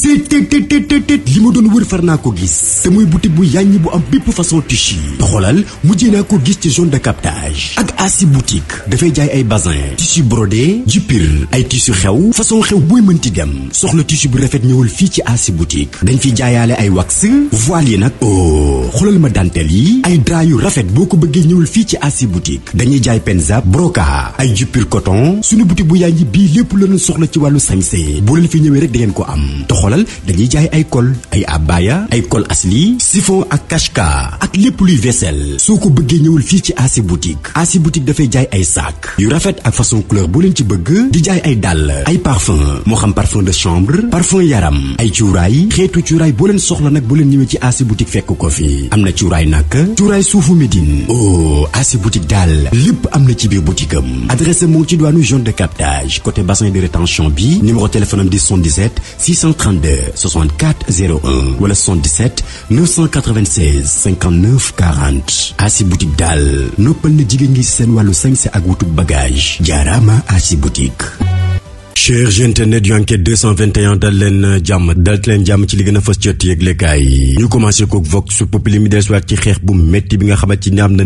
seet tet tet li ma doon wër far naa ko gis te muy boutique bu yàññi bu am bépp façon tissu doxalal mujjee naa ko gis ci zone de captage ak Asi boutique dafay jaay ay bazin tissu brodé jupil ay tissu xew façon xew booy mënti dem soxla tissu bu rafet ñëwul fii ci Asi boutique dañ fi jaayaale ay wax voile yi nag oh xoolal ma dentelle yi ay drap yu rafet boo ko bëggee ñëwul fii ci Asi boutique dañuy jaay penza broca ay jupil coton suñu boutique bu yàññi bii lépp la ñu soxla ci wàllu sañse boo leen fi ñëwee rek da ko am xoolal dañuy jaay ay kol ay abaya ay kol asli siphon ak kashka ak lépp luy vaisselle soo ko bëggee ñëwul fii ci Asi boutique Asi boutique dafay jaay ay sac yu rafet ak façon couleur bu leen ci bëgg di jaay ay dàll ay parfum moo xam parfum de chambre parfum yaram ay cuuraay xeetu cuuraay boo leen soxla nag bu leen ñëwee ci Asi boutique fekk ko fi am na cuuraay nag cuuraay suufu Médine oh Asi boutique daal lépp am na ci biir boutique am adresse ci doonu zone de captage côté bassin de rétention bi numéro téléphone am di 77 32 64 01 wala 77 996 59 40 Asi Boutique daal noppal na jigéen ngi seen wàllu sañse ak wutub bagage jaaraama Asi chers internet yu enquête 221 euh, dal leen jàmm dal ci li gën a fës jot yëglekaay yi ñu commencé na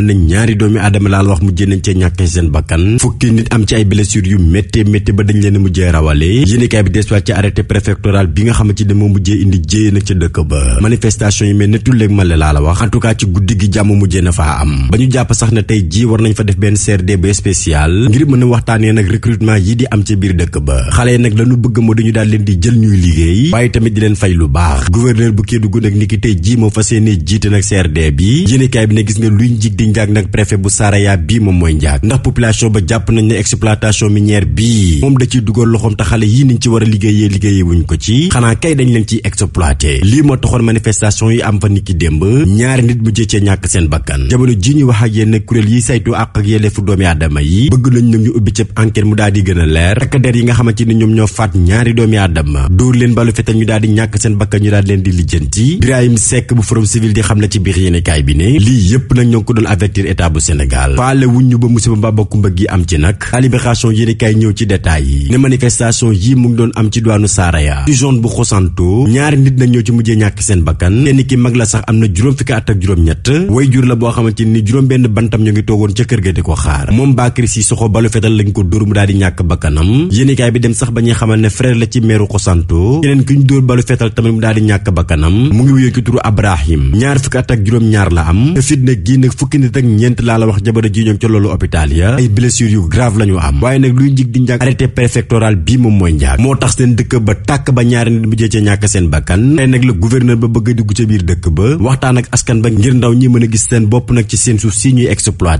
niki doomi aadama laal wax mujjee nañ ca ñàkkee seen bakkan fukki nit am ci ay blessures yu méttee métti ba dañ leen mujjee rawale yéenekaay bi dellusiwaat ci arrêté préfectoral bi nga xamante ni mujjee na ca dëkk ba manifestation yi mel ne tulleeg male laa la wax en tout cas ci guddi mujjee na faa am ba ñu jàpp sax ne tey ji war nañ fa def benn CRD be spécial ngir mën a waxtaanee nag recrutement yi di am ci biir dëkk ba xale yi nag lañu bëgg moo dañu daal leen di jël ñuy liggéey waaye tamit di leen fay lu baax gouverneur bu Kédougou nag ni tey jii moo fas yéene jiite nag CRD bi yéenekaay bi ne gis nga luy njig di njaag nag préfet bu Saraya bii moom mooy njaag ndax population ba jàpp nañ ne exploitation minière bii moom da ciy loxoom te xale yii niñ ci war a liggéeyee liggéeyee aadama yi bëgg nañ nag ñu ubbi cëb enquête mu daal di ñoo faat ñaari doomi aadama dóor leen balu seen bakkan ñu daal di leen di lijjanti Birahim Seck bu Forum Civil di xam ne ci biir yéenekaay bi ne lii yëpp nag ñoo ngi ko doon avertir état bu Sénégal faale wuñ ñu ba musiba mbaa bokkumba gi am ci nag la libération yéenekaay ñëw ci détails yi ne manifestation yi mu ngi doon am ci duwaanu Saraya ci zone bu Xosanto ñaari nit nag ñoo ci mujjee ñàkk seen bakkan kenn ki mag la sax am na juróom fukki at ak juróom ñett way jur la boo xamante ni juróom benn bantam ñu ngi toogoon ca kër ga di ko xaar moom Bakary Cissokho balu fetal lañ ko dóor mu daal ñàkk bakkanam yéenekaay bi dem sax ba xamal ne frère la ci meeru Kosanto keneen ki ñu dóor balu fetal tamit mu daal ñàkk bakkanam mu ngi wuyoo ci turu Abrahim ñaar fukki at ak juróom-ñaar la am te fit nag gii fukki nit ak ñeent laa wax jamono ji ñoom ca loolu hôpital ya ay blessures yu grave la am waaye nag luy njig di njàng arrêté préfectoral bii moom mooy njaag moo tax seen dëkk ba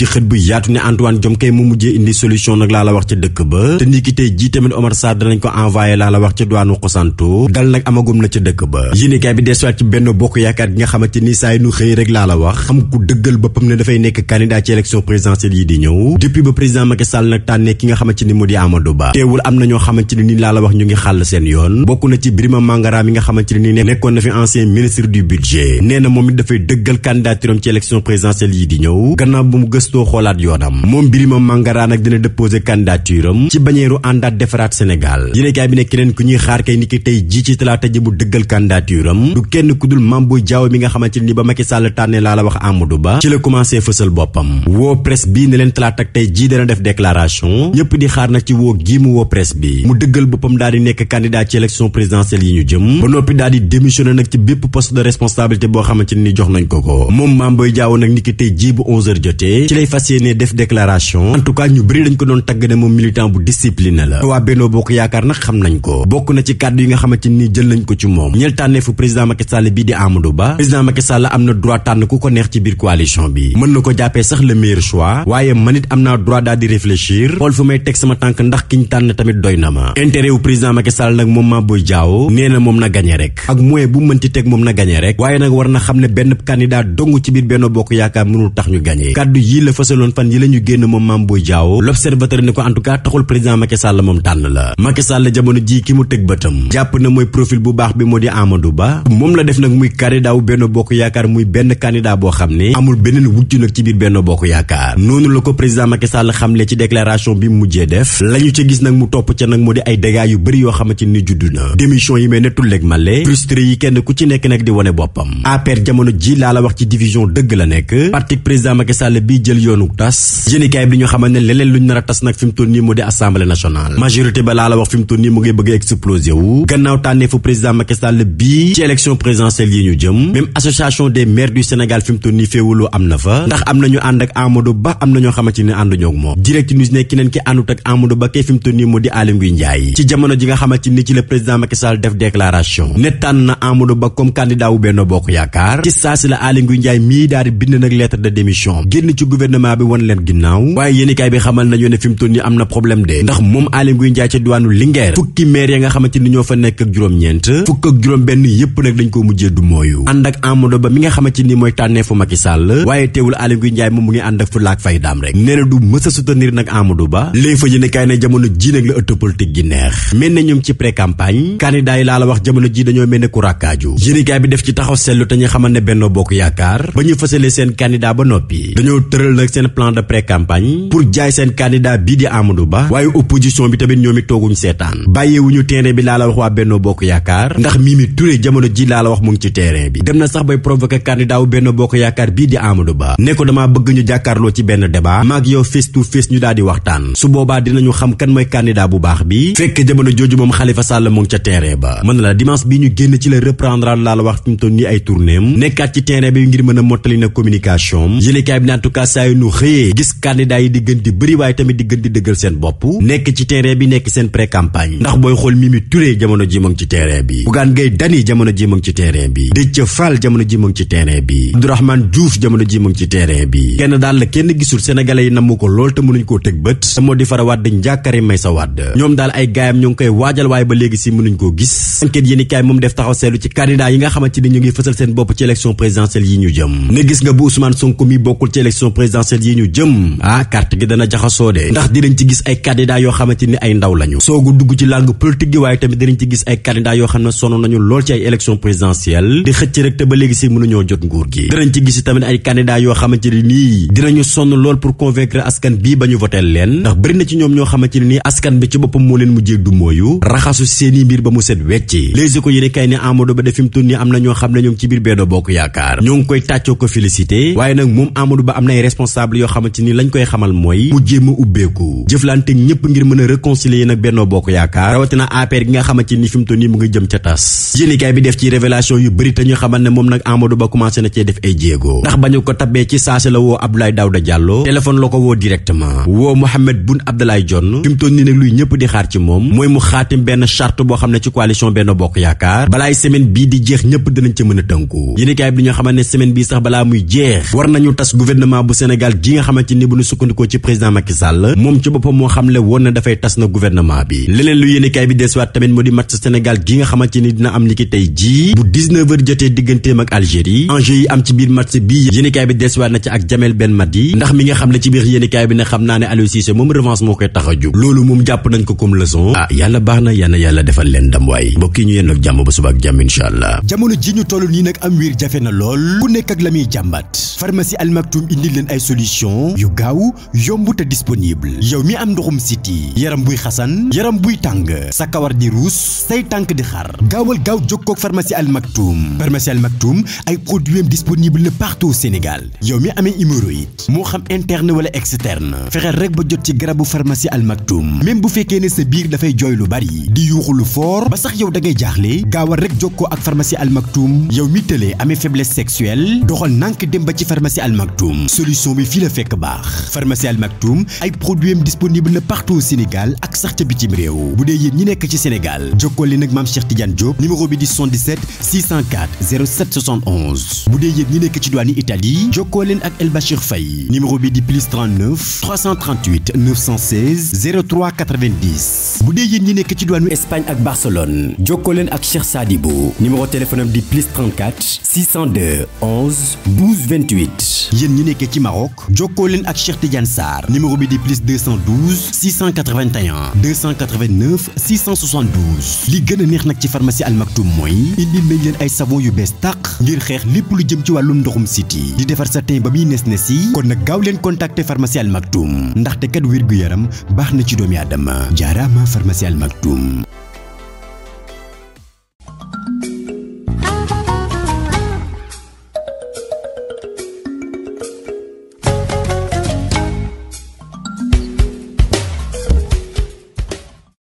ci xët bu yaatu ne Antoine Diome mu mujjee indi solution nag laa la wax ca dëkk ba te ni ki tey jii tamit Omar Sarr danañ ko envoyé laa la wax ca duwaanu Xosanto dal nag amagum na ca dëkk ba yéenekaay bi desuwaat ci benn bokk yaakaar gi nga xamante ni saa yi nu xëy rek laa la wax xam ku dëggal boppam ne dafay nekk candidat ci élection présidentielle yi di ñëw depuis ba président Macky Sall nag tànnee ki nga xamante ni mu di Amadou Ba teewul am na ni laa la wax ñu ngi xàll seen yoon bokk na ci Birima Mangara mi nga xamante ni nekkoon na fi ancien ministre du budget nee na moom it dafay dëggal candidature am ci élection présidentielle yi di ñëw gannaaw gëstoo xoolaat yoonam moom Birima Mangara nag dina déposer candidature am ci bañeeru àndaat defaraat Sénégal yéenekaay bi ne keneen ku ñuy xaar kay niki tey ji ci talaata ji bu dëggal candidature am du kenn ku dul Mame Boye Diao mi nga xamante ni ba Macky Sall tànnee laa la wax Amadou Ba ci la commencé fësal boppam woo presse bii ne leen talaata ak tey jii dana def déclaration ñëpp di xaar nag ci woo gii mu woo presse bi mu dëggal boppam daal nekk candidat ci élection présidentielle yi ñu noppi daal di démissionné nag ci bépp poste de responsabilité boo xamante ni jox nañ ko ko moom Mame Boye Diao nag niki tey ji lay fas yéene def déclaration en tout ko doon tagg ne moom militant bu discipliné la waa xam nañ ko bokk na ci kàddu yi nga xamante ni jël nañ ko ci moom ñeel tànneefu président Macky Sall bii di Amadou Ba président Macky Sall ko neex ci biir coalition bi mën na ko jàppee sax le meilleur choix waaye man it am naa droit daal di réfléchir xool fu may teg sama tànk ndax ki tànn tamit doy na ma intérêt président Macky Sall nag moom maa booy jaaw nee na moom na gañe rek ak moyen bu mën ci teg moom na gañe rek waaye nag war na xam ne benn candidat dong ci biir Benno Bokk Yaakaar mënul tax ñu gañe la fësaloon fan yi la ñu génn moom Mame Boye Diao l'observateur ne ko en tout cas taxul président Macky Sall moom tànn la Macky Sall jamono ji ki mu tëg bëtam jàpp na mooy profil bu baax bi moo di Amadou Ba moom la def nag muy candidat wu Benno Bokk Yaakaar muy benn candidat boo xam ne amul beneen wujj nag ci biir Benno Bokk Yaakaar noonu la ko président Macky Sall xamle ci déclaration bi mujjee def la ca gis nag mu topp ca nag moo di ay yu bëri yoo xamante ni judd na démission yi may nettul leeg male frustré yi kenn ku ci nekk nag la wax jël yoonu bi ñu xamal ne leneen luñ nar a tas nag fi mu nii mu di assemblée nationale majorité ba laa la wax fi mu nii mu ngi bëgg a explosé wu gannaaw président Macky Sall ci élection présidentielle yi ñu jëm même association des maires du Sénégal fi mu nii féewuloo am na fa ndax am nañu ànd ak Amadou Ba am na ñoo xamante ni ànduñu ak moom direct news ne keneen ki àndut ak Amadou Ba kay fi mu nii mu di Aly Ngouille Ndiaye ci gouvernement bi wan leen ginnaaw waaye yéenikaay bi xamal nañu ne fi mu toll nii am na problème de ndax moom Aly Ngouille Ndiaye ca diwaanu Linguère fukki maire ya nga xamante ni ñoo fa nekk ak juróom-ñeent fukk ak juróom-benn yépp nag dañ koo mujjee du mooyu ànd ak Amadou Ba mi nga xamante ni mooy tànneefu Macky Sall waaye teewul Aly Ngouille Ndiaye moom mu ngi ànd ak fulla ak faydaam rek nee na du mës a soutenir nag Amadou Ba léegi fa ne jamono ji nag la ëtt politique gi neex mel na ñoom ci pré wax jamono ji dañoo mel ne ku rakkaaju yéenikaay bi def ci taxaw seetlu te ñu xamal ne Benno Bokk Yaakaar ba ñu ba jiital nag seen seen candidat bii di Amadou Ba bi tamit ñoom it tooguñ seetaan bàyyeewuñu terrain bi laa la wax waa Benno Bokk Yaakaar ndax Mimi Touré jamono ji laa la wax mu ngi terrain bi dem na sax bay provoqué candidat wu Benno Bokk Yaakaar bii di Amadou Ba ne ko damaa bëgg ñu jàkkaarloo ci benn débat maag yow face to face ñu daal di waxtaan su boobaa dinañu xam kan mooy candidat bu baax bi fekk jamono jooju moom xalifa Sall moom ngi ca terrain ba mën na la dimanche bi ñu génn ci la reprendre laa la wax fi too toll nii ay tournée am nekkaat ci terrain bi ngir mën a mottali na communication yëlekaay bi en tout saa yu nu xëyee gis candidat yi di gën di bëri waaye tamit di gën di dëggal seen bopp nekk ci terrain bi ci terrain bi Bougane Gueye ci terrain bi Déthié Fall jamono ji ci terrain bi yi ñu ngi koy gis enquête yéen i kaay moom def taxaw seetlu ci yi nga xamante ni ñu ngi fësal seen bopp ci élection présidentielle yi ñu jëm ne gis nga bu Ousmane Sonko mi bokkul ci élection présidentielle présidentielle yi ñu jëm ah carte gi dana jaxasoo de ndax dinañ ci gis ay candidat yoo xamante ni ay ndaw lañu soogu dugg ci langue politique gi waaye tamit dinañ ci gis ay candidat yoo xam nañu lool ci ay élection présidentielle di xëcc rek te ba léegi si mënuñoo jot nguur gi dinañ ci gis tamit ay candidat yoo xamante nii dinañu sonn lool pour convaincre askan bii ba ñu voteel leen ndax bëri na ci ñoom ñoo xamante nii askan bi ci boppam moo leen mujjee du mooyu raxasu seeni mbir ne Amadou Ba responsable yoo xamante ni lañ koy xamal mooy mu jéem a ubbeeku jëflante ñëpp ngir mën a nag Benno Bokk Yaakaar rawatina APR gi nga xamante ni fi mu nii mu ngi jëm ca tas yéenekaay bi def ci révélation yu bëri te ñu xamal ne moom nag Amadou Ba commencé na cee def ay jéego ndax bañu ko tabee ci saase la woo Abdoulaye Daouda Diallo téléphone la ko woo directement woo Mohamed Boun Abdallah Dionne fi mu nii nag luy ñëpp di xaar ci moom mooy mu xaatim Sénégal gi nga xamante ni bu ñu ah ji ñu toll nii nag am wiir jafe na lool ku nekk ak la muy jàmbat pharmacie Al indi leen ay ay solution yu gaaw yomb te disponible yow mi am ndoxum siti yaram buy xasan yaram buy tàng sa kawar di ruus say tànk di xar gaawal gaaw jokkoog pharmacie Al Maktoum pharmacie Al Maktoum ay produits disponible na partout Sénégal yow mi amee hémorroïde moo xam interne wala externe fexeel rek ba jot ci garabu pharmacie Al Maktoum même bu fekkee ne sa biir dafay jooy lu bari di yuuxu lu foor ba sax yow da ngay jaaxle gaawal rek jokkoo ak pharmacie Al Maktoum yow mi tëlee amee émission bi fii la fekk baax pharmacie Al Maktoum ay produits am disponible na partout Sénégal ak sax ca bitim réew bu dee yéen ñi nekk ci Sénégal jokkoo leen ak maam Cheikh Tidiane Diop numéro bi di bu dee yéen ñi nekk ci douane Italie jokkoo leen ak El Bachir numéro bi di bu dee yéen ñi nekk ci douane Espagne ak Barcelone jokkoo leen ak Cheikh Sadibou numéro téléphone di plus 34 602 ñi nekk ci Maroc jokkoo leen ak Cheikh Tidiane Sarr numéro bi di plus 212 681 289 672 li gën a neex nag ci pharmacie Al Maktoum mooy indi nañ leen ay savon yu bees tàq ngir xeex lépp lu jëm ci wàllum ndoxum siti di defar sa teen ba muy nes nes yi kon nag gaaw leen contacter pharmacie Al Maktoum ndaxte kat wir gu yaram baax na ci doomi aadama jaaraama pharmacie Al Maktoum